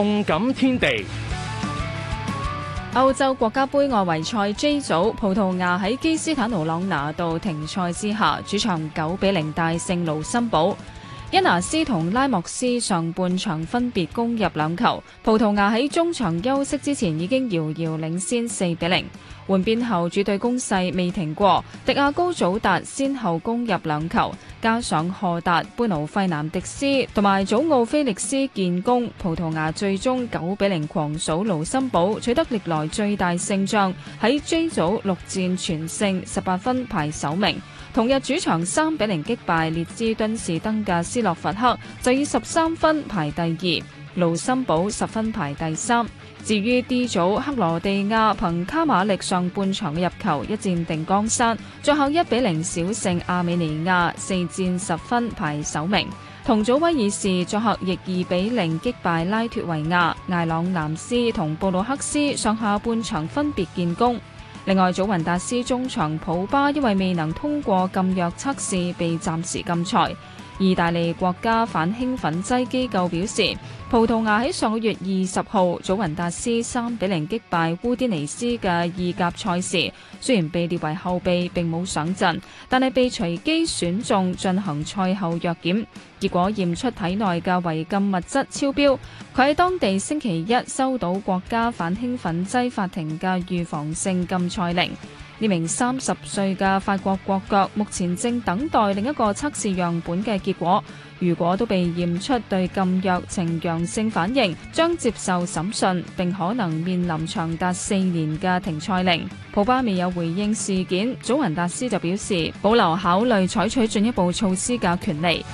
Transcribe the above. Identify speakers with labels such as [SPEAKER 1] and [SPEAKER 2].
[SPEAKER 1] 動感天地，歐洲國家盃外圍賽 J 組，葡萄牙喺基斯坦奴朗拿度停賽之下，主場九比零大勝盧森堡。恩拿斯同拉莫斯上半場分別攻入兩球，葡萄牙喺中場休息之前已經遙遙領先四比零。換邊後，主隊攻勢未停過，迪亞高祖達先後攻入兩球，加上荷達、般奴費南迪斯同埋祖奧菲力斯建功，葡萄牙最終九比零狂掃盧森堡，取得歷來最大勝仗。喺 J 組六戰全勝，十八分排首名。同日主場三比零擊敗列支敦士登嘅斯洛伐克就以十三分排第二，盧森堡十分排第三。至於 D 組，克羅地亞憑卡馬歷上半場嘅入球一箭定江山，作客一比零小勝阿美尼亞，四戰十分排首名。同組威爾士作客亦二比零擊敗拉脫維亞，艾朗南斯同布魯克斯上下半場分別建功。另外，祖雲達斯中場普巴因為未能通過禁藥測試，被暫時禁賽。意大利國家反興奮劑機構表示，葡萄牙喺上個月二十號，祖雲達斯三比零擊敗烏迪尼斯嘅意甲賽事，雖然被列為後備並冇上陣，但係被隨機選中進行賽後藥檢，結果驗出體內嘅違禁物質超標，佢喺當地星期一收到國家反興奮劑法庭嘅預防性禁賽令。呢名三十歲嘅法國國腳目前正等待另一個測試樣本嘅結果。如果都被驗出對禁藥呈陽性反應，將接受審訊，並可能面臨長達四年嘅停賽令。普巴未有回應事件，祖雲達斯就表示保留考慮採取進一步措施嘅權利。